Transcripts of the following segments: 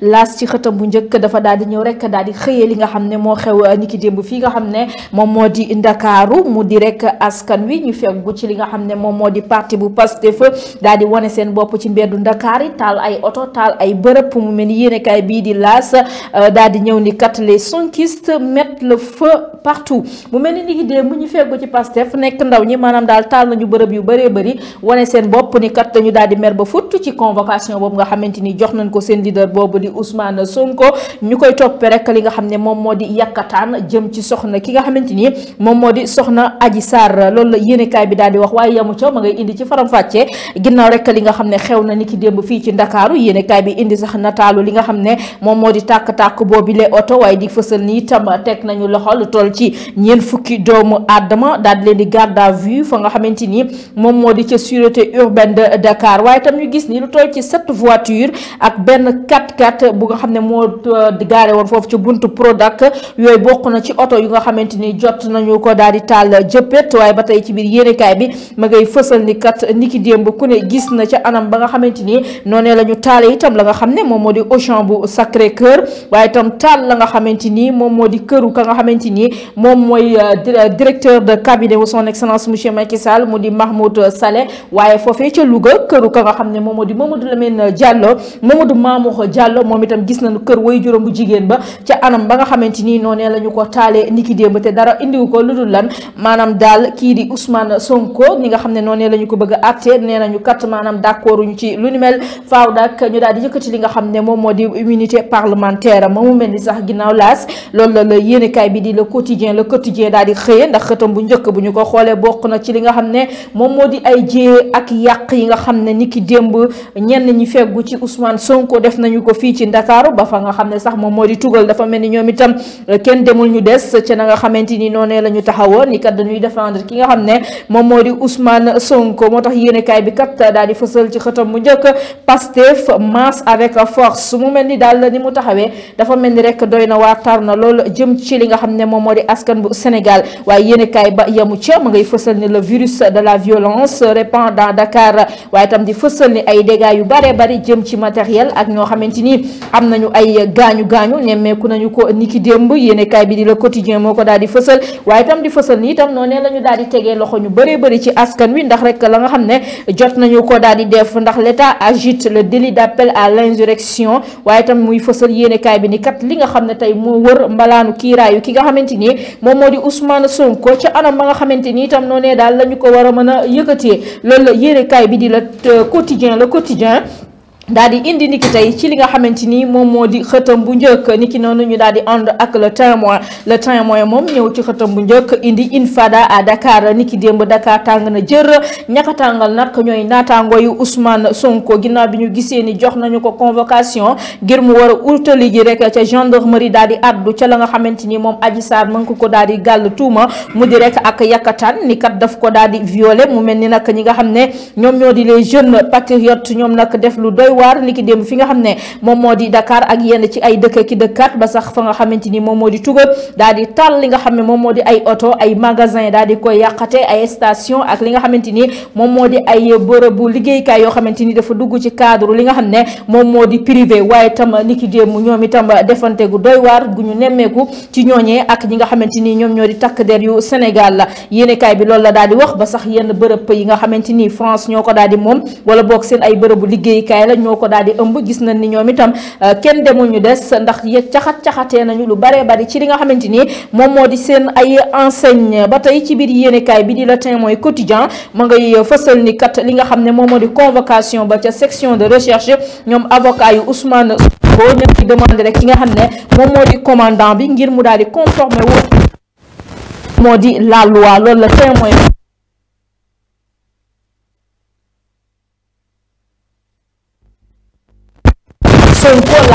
laas ci xëtam bu njëkk dafa daal di ñëw rek daal di xëyee li nga xam ne moo xew uh, ni ki démb fii nga xam ne moom moo di ndakaaru mu di rek askan wi ñu feggu ci li nga xam ne moom moo di parti bu Pastef daal di wane seen bopp ci mbeddu ndakaar yi taal ay oto taal ay bërëb mu mel ni yéenekaay bii di laas uh, daal di ñëw ni kat les sonkistes mettent le feu partout mu mel ni ni ki démb ñu feggu ci Pastef nekk ndaw ñi maanaam daal nañu bërëb yu bëree bëri wane seen bopp ni kat dañu daal di mer ba futt ci convocation boobu nga xamante ni jox nañ ko seen leader boobu di Ousmane Sonko ñu koy toppee rek li nga xam ne moom moo di yàkkataan jëm ci soxna ki nga xamante ni moom moo di soxna Adji Sarr loolu la yéenekaay bi daal di wax waaye yamu ca ma ngay indi ci faram-fàccee ginnaaw rekk li nga xam ne xew na ni ki démb fii ci Ndakaaru yéenekaay bi indi sax nataalu li nga xam ne moom moo di tàkk-tàkk boobu le oto waaye di fësal ni itam teg nañu loxo lu toll ci ñeent fukki doomu aadama daal di leen di garde à vue fa nga xamante ni moom moo di ca sûreté urbaine de Dakar waaye gis ni lu toll ci sept voitures ak benn kat bu nga xam ne moo euh, gaare woon foofu ci buntu Prodac yooyu bokk na ci oto yu nga xamante ni jot nañu ko daal di taal jëppét waaye ba tey ci biir yéenekaay bi ma ngay fësal ni kat niki démb ku ne gis na ci anam ba nga xamante ni noonee la ñu taale itam la nga xam ne moom moo di Auchan bu Sacré Cœur waaye itam taal la nga xamante ni moom moo di këru ka nga xamante ni moom mooy euh, directeur de cabinet wu son excellence monsieur Macky Sall mu di Mahmoud Saleh waaye foofee ca Louga këru ka nga xam ne moom moo di Mamadou Lamine moom itam gis nañu kër way juróom bu jigéen ba ca anam ba nga xamante nii noonee la ñu ko taalee niki démb te dara indiwu ko lu dul lan maanaam daal kii di Ousmane Sonko ni nga xam ne noonee la ko bëgg a nee nañu kat maanaam d'accord ñu ci lu ni mel faaw nag daal di yëkkati li nga xam ne moom moo di immunité parlementaire moomu mel ni sax ginnaaw laas loolu la yéenekaay bi di le quotidien le quotidien daal di xëye ndax xëtam bu njëkk bu ñu ko xoolee bokk na ci li nga xam ne moom moo di ay jiyee ak yàq yi nga xam ne niki démb ñenn ñi feggu ci Ousmane Sonko def nañu ko fii ci Ndakaaru ba fa nga xam ne sax moom moo di tugal dafa mel ni ñoom itam euh, kenn demul ñu des ca na nga xamante ni noonee la ñu kat dañuy défendre ki nga xam ne moom moo di Ousmane Sonko moo tax bi kat daal di fësal ci xëtam mu njëkk Pastef masse avec force mu mel ni daal ni mu taxawee dafa mel ni rek doy na waar tar na lool jëm ci li nga xam ne moom moo di askan bu Sénégal waaye yéenekaay ba yamu ca ma ngay fësal ni le virus de la violence répand dans Dakar waaye itam di fësal ni ay dégâts yu bare bari jëm ci matériel ak ñoo xamante ni am nañu ay gaañu gaañu nemmeeku nañu ko niki démb yéenekaay bi di Le Quotidien moo ko daal di fësal waaye tam di fësal ni itam noonu la ñu daal di tegee loxo ñu bëree bëri ci askan wi ndax rek la nga xam ne jot nañu ko daal di def ndax l'État agite le délit d'appel à l'insurrection waaye itam muy fësal yéenekaay bi ni kat li nga xam ne tey moo wër mbalaanu kiiraayu ki nga xamante ni moom moo di Ousmane Sonko ca anam ba nga xamante ni itam noonee daal la ñu ko war a mën a yëkkatee loolu la yéenekaay bi di Le Quotidien Le Quotidien daal di indi niki tey ci li nga xamante ni moom moo di xëtam bu njëkk niki noonu ñu daal di ànd ak le témoin le témoin moom ñëw ci xëtam bu njëkk indi infada à Dakar niki démb Dakar tàng na jër ñaka tàngal nag ñooy naataangooyu Ousmane Sonko ginnaaw bi ñu gisee ni jox nañu ko convocation ngir mu war a urtali gi rek ca gendarmerie daal di addu ca la nga xamante ni moom Adji Sarr mën ko daal di gàll tuuma mu di rek ak yakatan nikat kat daf ko daal di violé mu mel ni nag ñi nga xam ne ñoo di les jeunes patriotes ñoom nag def lu doy waar niki démb fi nga xam ne moom moo di dakaar ak yenn ci ay dëkk ki dëkkat ba sax fa nga xamante ni moom moo di tugal daal di taal li nga xam ne moom moo di ay oto ay magasin daal di koy yàqate ay station ak li nga xamante ni moom moo di ay bërëbu liggéeykaay yoo xamante ni dafa dugg ci cadre li nga xam ne moom moo di privé waaye tam niki démb ñoom itam defante gu doy waar gu ñu nemmeeku ci ñooñee ak ñi nga xamante ni ñoom ñoo di takk der yu Sénégal la yéenekaay bi loolu la daal di wax ba sax yenn bërëb yi nga xamante ni France ñoo ko daal di moom wala boog seen ay bërëbu liggéeykaay la ñoo ko daal di ëmb gis nañ ni ñoom itam euh, kenn demul ñu des ndax yëg caxat caxatee nañu lu baree bari ci li nga xamante ni moom moo di seen ay enseigne ba tey ci biir yéenekaay bi di la Témoin mooy quotidien ma ngay fësal ni kat li nga xam ne moom moo di convocation ba ca section de recherche ñoom avocat yu Ousmane Sonko ñoo ngi demandé rek ki nga xam ne moom moo di commandant bi ngir mu daal di conformer wu moo di la waa loolu la Témoin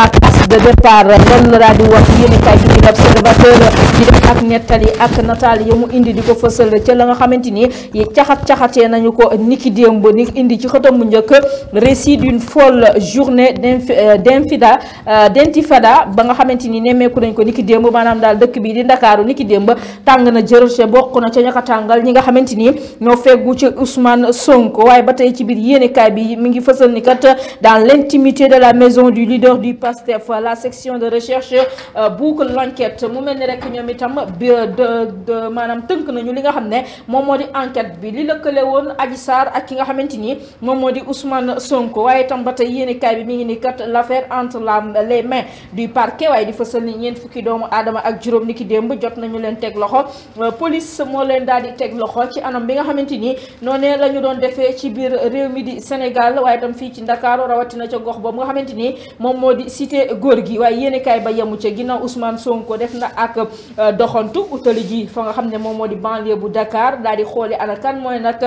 la de départ loolu la daal di wax yéen bi di l'observateur di def ak nettali ak nataal ya mu indi di ko fësal ca la nga xamante ni caxat-caxatee nañu ko niki démb ni indi ci xëtam bu njëkk récit d'une folle journée euh, d'infida euh, d'intifada ba nga xamante ni nemmeeku nañ ko niki démb maanaam daal dëkk bii di ndakaaru niki démb tàng na jërëse bokk na ca ñaka ñi nga xamante ni ñoo feggu ci Ousmane Sonko waaye ba tey ci biir yéenekaay bi mi ngi fësal ni kat dans l'intimité de la maison du leader du Pastef la section de recherche euh, boucle l'enquête mu mel ni rek ñoom itam bi de de maanaam tënk nañu li nga xam ne moom moo di enquête bi li lëkkale woon Adji Sarr ak ki nga xamante ni moom moo di Ousmane Sonko waaye itam ba tey yéene kaay bi ngi ni kat l'affaire entre la les mains du parquet waaye di fësal ni ñeent doomu aadama ak juróom niki démb jot nañu leen teg loxo euh, police moo leen daal di teg loxo ci anam bi nga xamante ni noonee la ñu doon defee ci biir réew mi di Sénégal waaye itam fii ci Ndakaaru rawatina ca gox boobu nga xamante ni moom moo di cité góor gi waaye yéen kaay ba yemu ca ginnaaw Ousmane Sonko def na ak euh, doxantu utali ji fa nga xam ne moom moo di banlieue bu Dakar daal di xooli ana kan mooy nag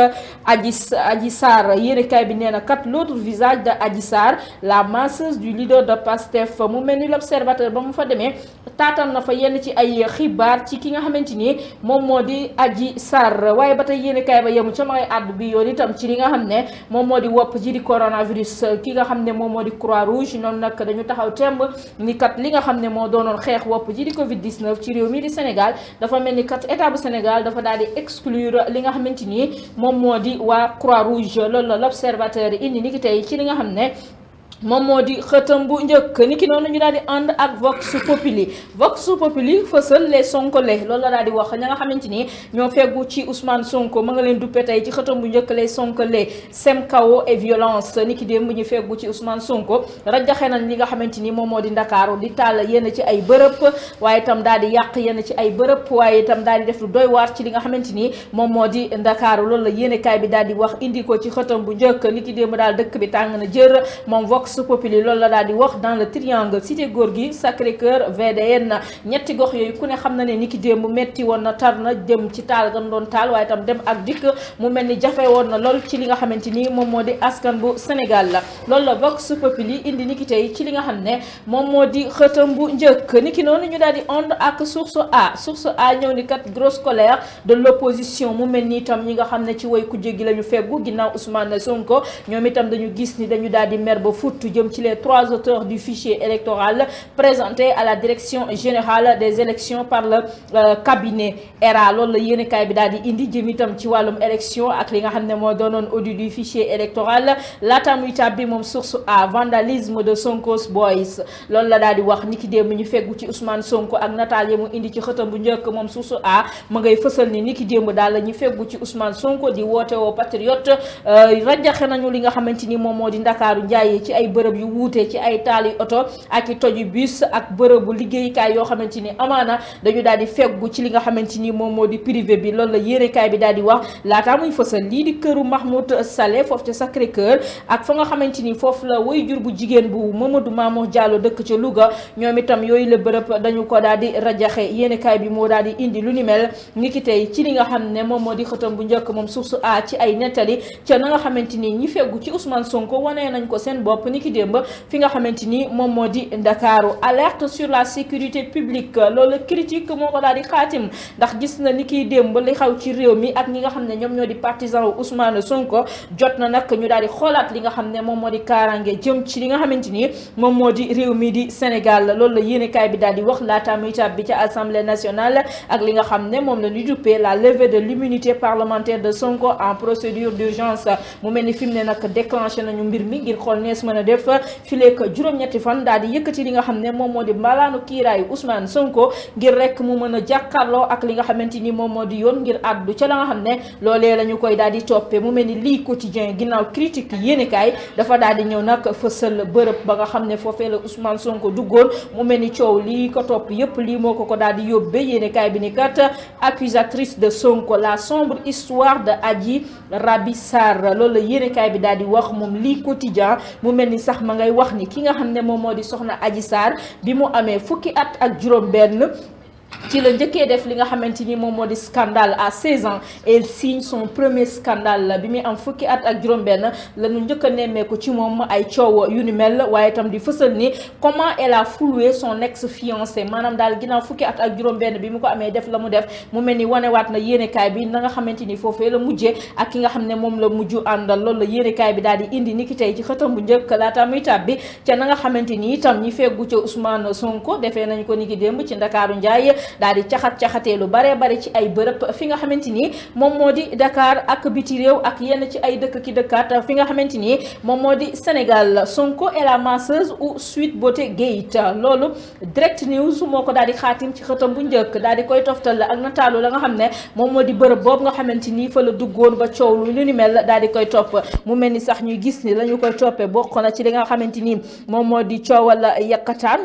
Adji Adji Sarr yéen kaay bi nee na kat l'autre visage de Adji Sarr la masseuse du leader de Pastef mu mel ni l'observateur ba mu fa demee taatal na fa yenn ci ay xibaar ci ki nga xamante ni moom moo di Adji Sarr waaye ba tey yéen kaay ba yemu ca ma ngay àddu bi yoon itam ci li nga xam ne moom moo di wopp ji di coronavirus ki nga xam ne moom moo di Croix-Rouge noonu nag dañu taxaw temb ni kat li nga xam ne moo doonoon xeex wopp ji di Covid 19 ci réew mi di Sénégal dafa mel ni kat état bu Sénégal dafa daal di exclure li nga xamante ni moom moo di waa Croix-Rouge loolu la l'observateur indi ni ki tey ci li nga xam ne. moom moo di xëtam bu njëkk ni ki noonu ñu daal di ànd ak Vox Populi Vox Populi fësal les Sonkolé loolu la daal di wax ña nga xamante ni ñoo feggu ci Ousmane Sonko ma nga leen duppe tey ci xëtam bu njëkk les Sonkolé sem chaos et violence ni ki démb ñu feggu ci Ousmane Sonko rajaxe nañ li nga xamante ni moom moo di Ndakaaru di taal yenn ci ay bërëb waaye itam daal di yàq yenn ci ay bërëb waaye itam daal di def lu waar ci li nga xamante ni moom moo di Ndakaaru loolu la yéenekaay bi daal di wax indi ko ci xëtam bu njëkk ni ki démb daal dëkk bi tàng na jër moom Vox vox populi loolu la daal di wax dans le triangle cité Gorgui Sacré-Cœur VDN ñetti gox yooyu ku ne xam na ne ni ki démb metti woon na tar na jëm ci taal gam doon taal waaye itam dem ak dikk mu mel ni jafe woon na lool ci li nga xamante ni moom moo di askan bu Sénégal la loolu la vox populi indi ni ki tey ci li nga xam ne moom moo di xëtam bu njëkk ni ki noonu ñu daal di ond ak su A su A ñëw ni kat grosse colère de l'opposition mu mel ni itam ñi nga xam ne ci woy kujje gi la ñu feggu ginnaaw Ousmane Sonko ñoom itam dañu gis ni dañu daal di mer ba fut saytu jëm ci les trois auteurs du fichier électoral présenté à la direction générale des élections par le euh, cabinet ERA loolu la yéenekaay bi daal di indi jëm itam ci wàllum élection ak li nga xam ne moom source à vandalisme de Sonko's boys loolu la daal di wax niki démb ñu feggu ci Ousmane Sonko ak nataal yi mu indi ci xëtam bu njëkk moom source a ma ngay fësal ni niki démb daal ñu feggu ci Ousmane Sonko di woote woo patriote euh, rajaxe nañu li nga xamante ni moom moo di Ndakaaru ay bërëb yu wuute ci ay taali oto ak i toju bus ak bërëbu liggéeykaay yoo xamante amaana dañu daal di feggu ci li nga xamante ni moom moo di privé bi loolu la yéenekaay bi daal di wax laataa muy fësal lii di këru Mahmoud Saleh foofu ca Sacré Cœur ak fa nga xamante ni foofu la waajur bu jigéen bu Mamadou Mamour Diallo dëkk ca Louga ñoom itam yooyu la bërëb dañu ko daal di rajaxe yéenekaay bi moo daal indi lu ni mel ni ki tey ci li nga xam ne moom moo di xëtam bu njëkk moom suuf su a ci ay nettali ca na nga ñi feggu ci Ousmane Sonko wane nañ ko seen bopp niki démb fi nga xamante ni moom moo di Ndakaaru alerte sur la sécurité publique loolu critique moo ko daal di xaatim ndax gis na niki démb li xaw ci réew mi ak ñi nga xam ne ñoom ñoo di partisan wu Ousmane Sonko jot na nag ñu daal di xoolaat li nga xam ne moom moo di kaaraange jëm ci li nga xamante ni moom moo di réew mi di Sénégal loolu la yéenekaay bi daal di wax laata muy tab bi ca Assemblée nationale ak li nga xam ne moom la ñu duppee la levée de l'immunité parlementaire de Sonko en procédure d'urgence mu mel ni fi mu ne mi def fileek juróom-ñetti fan daal di yëkkati li nga xam ne moom moo di malaanu kiiraayu Ousmane Sonko ngir rek mu mën a jàkkaarloo ak li nga xamante ni moom moo di yoon ngir àddu ca la nga xam ne loolee la ñu koy daal di toppee mu mel ni lii quotidien ginnaaw critique yéenekaay dafa daal di ñëw nag fësal bërëb ba nga xam ne foofee la Ousmane Sonko duggoon mu mel ni coow lii ko topp yëpp lii moo ko ko daal di yóbbee yéenekaay bi ni kat accusatrice de Sonko la de Adji la yéenekaay bi daal di wax moom lii quotidien mu mel ni ni sax ma ngay wax ni ki nga xam ne moom moo di soxna Adji Sarr bi mu amee fukki at ak juróom benn ci la njëkkee def li nga xamante ni moom moo di scandale à 16 ans et il signe son premier scandale bi muy am fukki at ak juróom-benn la ñu njëkk a nemmeeku ci moom ay coow yu ni mel waaye itam di fësal ni comment elle a foulé son ex fiancé maanaam daal ginnaaw fukki at ak juróom-benn bi mu ko amee def la mu def mu mel ni wanewaat na yéenekaay bi na nga xamante ni foofee la mujjee ak ki nga xam ne moom la mujj àndal lool la yéenekaay bi daal di indi niki tey ci xëtam bu njëkk laata muy tàbbi ca na nga xamante ni itam ñi feggu ca Ousmane Sonko defee nañ ko niki démb ci Ndakaaru Njaay daal di caxat caxatee lu baree bari ci ay bërëb fi nga xamante ni moom moo di Dakar ak biti réew ak yenn ci ay dëkk ki dëkkaat fi nga xamante ni moom moo di Sénégal Sonko et la masseuse ou suite beauté gate loolu direct news moo ko daal di xaatim ci xëtam bu njëkk daal di koy toftal la ak nataalu la nga xam ne moom moo di bërëb boobu nga xamante ni fa la duggoon ba coow lu ni mel daal di koy topp mu mel ni sax ñuy gis ni la ñu koy toppee bokk na li nga xamante ni moom moo di coowal yàkkataan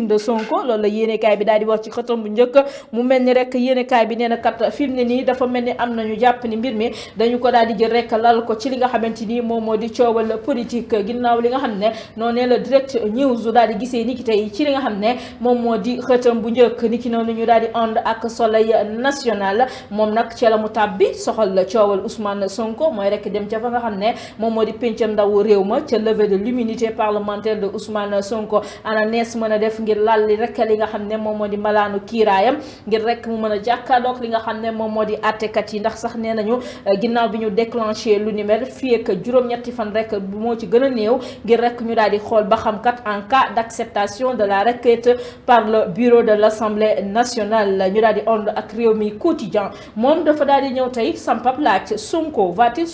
de Sonko loolu yéenekaay bi daal di wax ci xëtam bu njëkk mu mel ni rek yéenekaay bi nee kat fi mu nii dafa mel ni am nañu jàpp ni mbir mi dañu ko daal di jël rek lal ko ci li nga xamante ni moom moo di coowal politique ginnaaw li nga xam ne noonee la direct news daal di gisee ni ki tey li nga xam ne moom moo di xëtam bu njëkk ni ki noonu ñu daal di ànd ak soleil national moom nag ci la mu tàbbi soxal la coowal Ousmane Sonko mooy rek dem ca fa nga xam ne moom moo di péncam ndaw réew ma ca levée de l'immunité parlementaire de Ousmane Sonko ana nees mën a def ngir lal li rek li nga xam ne moom moo di malaanu kiiraayam ngir rek mu mën a jàkkaarloog li nga xam ne moom moo di àttekat yi ndax sax nee nañu eh, ginnaaw bi ñu déclenché lu ni mel fii juróom-ñetti fan rek moo ci gën a néew ngir rek ñu daal di xool ba xam kat en cas d' acceptation de la requête par le bureau de l' assemblée nationale ñu daal di ak réew mi quotidien moom dafa daal di ñëw tey sampap laaj Sonko va-t-il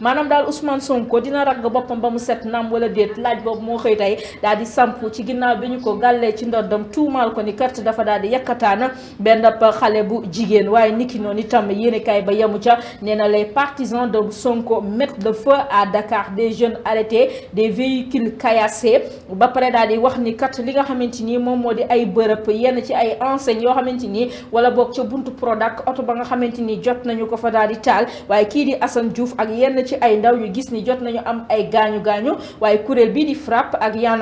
maanaam daal Ousmane Sonko dina ragg boppam ba mu set naam wala déet laaj boobu moo daal di samp ci ginnaaw bi ñu ko gàllee ci ndoddam tuumaal ni kat dafa daal di yakkataana benn xale bu jigéen waaye niki noonu itam yéenekaay ba yamu ca nee na les partisans de Sonko mettent de feu à Dakar des jeunes arrêtés des véhicules caillassés ba pare daal di wax ni kat li nga xamante ni moom moo di ay bërëb yenn ci ay enseignes yoo xamante ni wala boog ca buntu Prodac oto ba nga xamante ni jot nañu ko fa daal di taal waaye kii di Assane Diouf ak yenn ci ay ndaw ñu gis ni jot nañu am ay gaañu gaañu waaye kuréel bii di FRAPP ak Y'en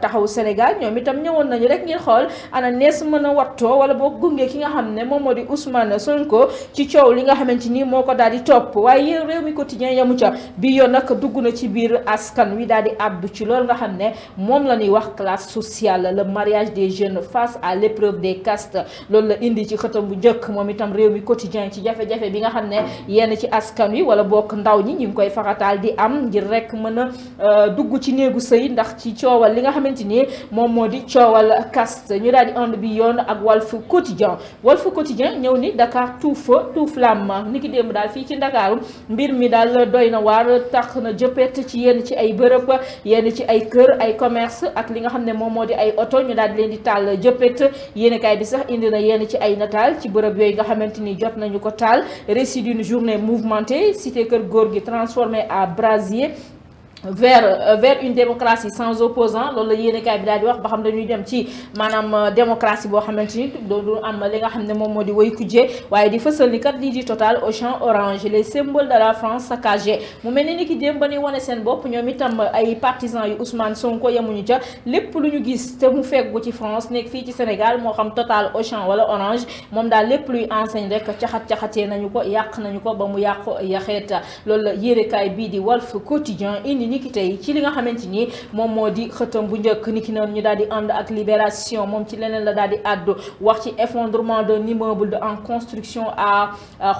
taxaw Sénégal ñoom itam ñëwoon nañu rek ngir xool ana nees mën a wattoo wala boo gungee ki nga xam ne moom moo di Ousmane Sonko ci coow li nga xamante ni moo ko daal di topp waaye réew mi quotidien yamu ca bi yoon nag dugg na ci biir askan wi daal di àddu ci loolu nga xam ne moom la ñuy wax classe sociale le mariage des jeunes face à l'épreuve des castes loolu la indi ci xëtam bu njëkk moom itam réew mi quotidien ci jafe bi nga xam ne yenn ci askan wi wala bokk ndaw ñi ñu ngi koy faxataal di am ngir rek mën a euh, dugg ci néegu sëy ndax ci coowal li nga xamante ni moom moo di coowal caste ñu daal di ànd bi yoon ak Walf Quotidien Walf Quotidien ñëw ni Dakar tout feu tout flamme ni ki démb daal fii ci Ndakaaru mbir mi daal doy na waar tax na jëppet ci yenn ci ay bërëb yenn ci ay kër ay commerce ak li nga xam ne moom moo di ay oto ñu daal di leen di taal jëppet yéenekaay bi sax indi na yenn ci ay nataal ci bërëb yooyu nga xamante ni jot nañu ko taal récit d'une journée mouvementée cité kër góor gi transformé à brasier vers euh, vers une démocratie sans opposant loolu yéenekaay bi daal di wax ba xam dañuy dem ci maanaam euh, démocratie boo xamante ni doon am li nga xam ne moom moo di woy kujje waaye di fësal ni kat lii di Total Auchan Orange les symboles de la France saccagés mu mel ni ni ki démb ba ni wane seen bopp ñoom itam ay partisans yu Ousmane Sonko yemuñu ca lépp lu ñu gis te mu feggu ci France nekk fii ci Sénégal moo xam Total Auchan wala Orange moom daal lépp luy enseigne rek caxat caxatee nañu ko yàq nañu ko ba mu yàq yaxeeta loolu la yéenekaay bii niki tey ci li nga xamante nii moom moo di xëtam bu njëkk niki noonu ñu daal di ànd ak libération moom ci leneen la daal di àddu wax ci effondrement d'un immeuble de en construction à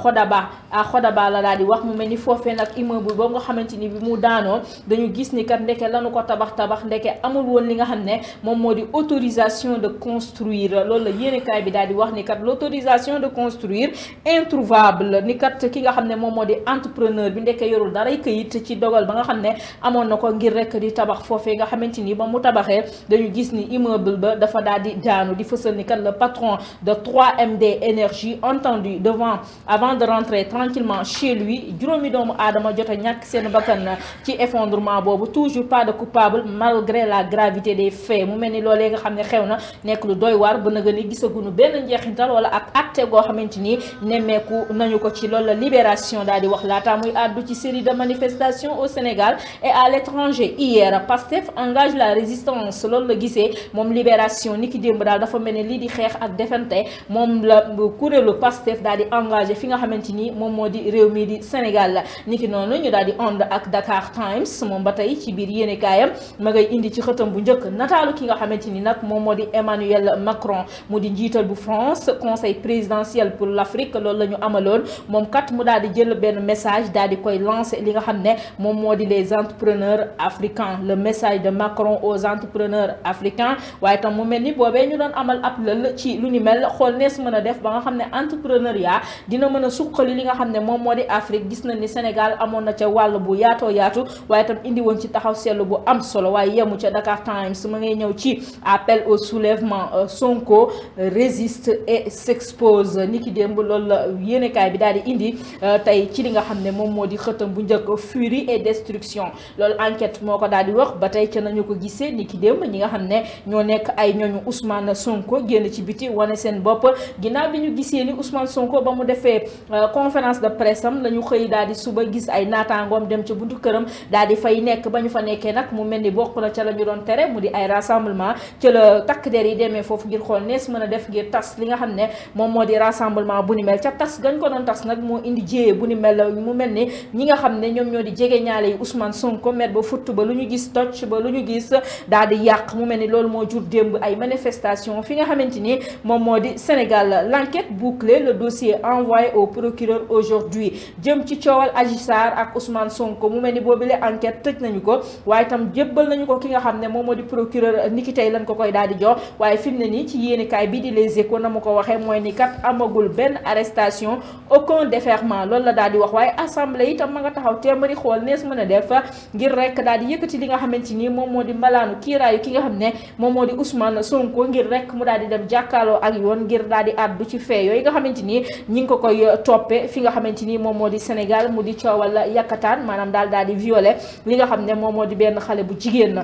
Xodaba a Xodaba la daal di wax mu mel ni foofee nag immeuble boobu nga xamante ni bi mu daanoo dañu gis ni kat ndeke lanu ko tabax tabax ndeke amul woon li nga xam ne moom moo di autorisation de construire loolu la yéenekaay bi daal di wax ni kat l'autorisation de construire introuvable ni kat ki nga xam ne moom moo di entrepreneur bi ndeke yorul daray këyit ci dogal ba nga xam amoon na ko ngir rek di tabax foofee nga xamante ni ba mu tabaxee dañu gis ni immeuble ba dafa daal di daanu di fësal ni kat le patron de 3MD énergie entendu devant avant de rentrer tranquillement chez lui juróomi doomu aadama jot a ñàkk seen bakkan ci effondrement boobu toujours pas de coupable malgré la gravité des faits mu mel ni loolee nga xam ne xew na nekk lu doy waar ba nga ni gisagunu benn njeexintal wala ak acte goo xamante ni nemmeeku nañu ko ci loolu la daal di wax laata muy àddu ci série de manifestations au Sénégal et à l'étranger hier Pastef engage la résistance loolu la gisee moom libération ni ki démb daal dafa mel ne lii di xeex ak defante moom la kuréelu Pastef daal di engagé fi nga xamante ni moom moo di réew mii di Sénégal la ni ki noonu ñu daal di ànd ak Dakar Times moom ba tey ci biir yéene kaayam ma ngay indi ci xëtam bu njëkk nataalu ki nga xamante ni nag moom moo di Emmanuel Macron mu di njiital bu France conseil présidentiel pour l'Afrique loolu la ñu amaloon moom kat di jël benn message daal di koy lancer li nga xam ne moom moo di les entreprises entrepreneurs africains le message de Macron aux entrepreneurs african waaye tam mu mel ni boobee ñu doon amal ab la ci lu ni mel xool nees mën a def ba nga xam ne entrepreneuriat dina mën a suqali li nga xam ne moom moo di Afrique gis nañ ni Sénégal amoon na ca wàll bu yaatoo yaatu waaye tam indi woon ci taxaw seetlu bu am solo waaye yemu ca Dakar Times ma ngay ñëw ci appel au soulèvement euh, Sonko euh, résiste et s'expose ni ki démb loolu la yéenekaay bi daal di indi euh, tey ci li nga xam ne moom moo di xëtam bu njëkk furie et destruction loolu enquête moo ko daal di wax ba tey ca nañu ko gisee ni ki démb ñi nga xam ne ñoo nekk ay ñooñu Ousmane Sonko génn ci biti wane seen bopp ginnaaw bi ñu gisee ni Ousmane Sonko ba mu defee euh, conférence de presse am la ñu xëy daal di suba gis ay naataangoom dem ca buntu këram daal di fay nekk ba ñu fa nekkee nag mu mel ni bokk na ca la ñu doon tere mu di ay rassemblement ca la takk der yi demee foofu ngir xool nees mën a def ngir tas li nga xam ne moom moo di rassemblement bu ni mel ca tas gañ ko doon tas nag moo indi jéyee bu ni mel mu mel ni ñi nga xam ne ñoom ñoo di jege ñaale yi Ousmane Sonko gëm ba futt ba lu ñu gis tocc ba lu ñu gis daal di yàq mu mel ni loolu moo jur démb ay manifestation fi nga xamante ni moom moo di Sénégal l'enquête bouclée le dossier envoyé au procureur aujourd'hui jëm ci coowal Adji Sarr ak Ousmane Sonko mu mel ni boobile enquête tëj nañu ko waaye itam jébbal nañu ko ki nga xam ne moom moo di procureur niki tey lañ ko koy daal di jox waaye fi mu ne nii ci yéenekaay bi di Les Échos na ma ko waxee mooy ni kat amagul benn arrestation aucun déferment loolu la daal di wax waaye assemblée itam ma nga taxaw téeméeri xool nees mën a def ngir rek daal di yëkkati li nga xamante ni moom moo di mbalaanu kiiraayu ki nga xam ne moom moo di Ousmane Sonko ngir rek mu daal di dem jàkkaarloo ak yoon ngir daal di at bu ci fee yooyu nga xamante ni ñi ngi ko koy toppe fi nga xamante ni moom moo di Sénégal mu di coowal yakkataan maanaam daal daal di violé li nga xam ne moom moo di benn xale bu jigéen na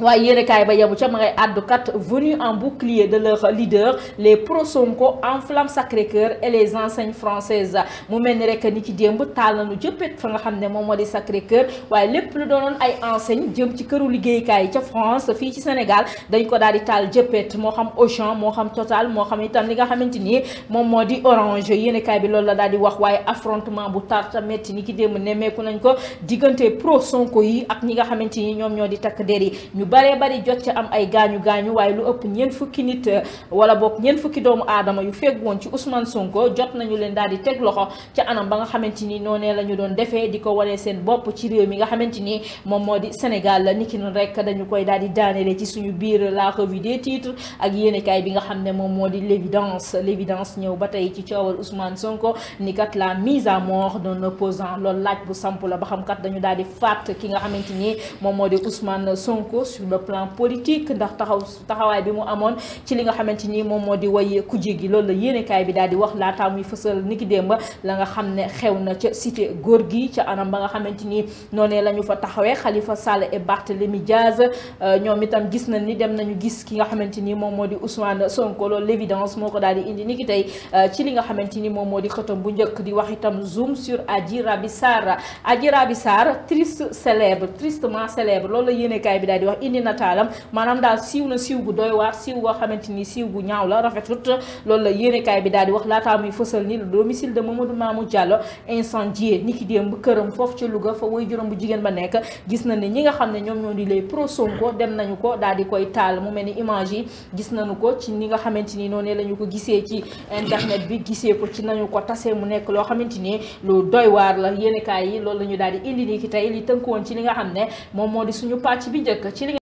waaye yéenekaay ba yabu ca ma ngay àddukat venu en bouclier de leur leader les pro-Sonko enflamme Sacré-Cœur et les enseignes françaises mu mel ni rek ni ki démb taal nañu jëppet fa nga xam ne moom moo di Sacré-Cœur waaye lépp la doonoon ay enseigne jëm ci këru liggéeykaay yi ca France fii ci Sénégal dañ ko daal di taal jëppet moo xam Auchan moo xam Total moo xam itam li nga xamante ni moom moo di Orange yéenekaay bi loolu la daal di wax waaye affrontement bu tar ta metti ni ki démb nemmeeku nañ ko diggante pro-Sonko yi ak ñi nga xamante ni ñoom ñoo di takk der bare bari jot ci am ay gaañu gaañu waaye lu ëpp ñeent fukki nit euh, wala boog ñeent fukki doomu aadama yu fegg woon ci Ousmane Sonko jot nañu leen daal di teg loxo ci anam ba nga xamante ni noonee la ñu doon defee di ko wanee seen bopp ci réew mi nga xamante ni moom moo di Sénégal la niki noonu rek dañu koy daal di daanele ci suñu biir la revue des titres ak yéenekaay bi nga xam ne moom moo di l'évidence l'évidence ñëw ba tey ci coowal Ousmane Sonko ni kat la mise à mort d'un opposant loolu laaj bu samp la ba xam dañu daal di faat ki nga xamante ni moom moo di Ousmane Sonko sur le plan politique ndax taxaw taxawaay bi mu amoon ci li nga xamante ni moom moo di way kuje gi loolu la yéenekaay bi daal di wax laataa muy fësal niki démb la nga xam ne xew na ca cité góor gi ca anam ba nga xamante ni noonee la ñu fa taxawee xalifa Khalifa Sall et mi Diaz euh, ñoom itam gis nañ ni dem nañu gis ki nga xamante ni moom moo di Ousmane Sonko loolu l'évidence moo ko daal di indi niki tey euh, ci li nga xamante ni moom moo di xëtam bu njëkk di wax itam zoom sur Adji Raby Sarr Adji Raby Sarr triste célèbre tristement célèbre loolu la yéenekaay bi daal di wax indi nataalam maanaam daal siiw na siiw bu doy waar siiw goo xamante ni siiw bu ñaaw la rafetut loolu la yéenekaay bi daal di wax laataa muy fësal ni le domicile de Mamadou Mamou Diallo incendié ni ki démb këram foofu ci Louga fa woy juróom bu jigéen ba nekk gis na ni ñi nga xam ne ñoom ñoo di les pro Sonko dem nañu ko daal di koy taal mu mel ni image gis nañu ko ci ni nga xamante ni noonu la ñu ko gisee ci internet bi gisee ko ci nañu ko tasee mu nekk loo xamante ni lu doy waar la yéenekaay yi loolu la ñu daal di indi ni ki tey li tënkuwoon ci li nga xam ne moom moo di suñu pàcc bi njëkk ci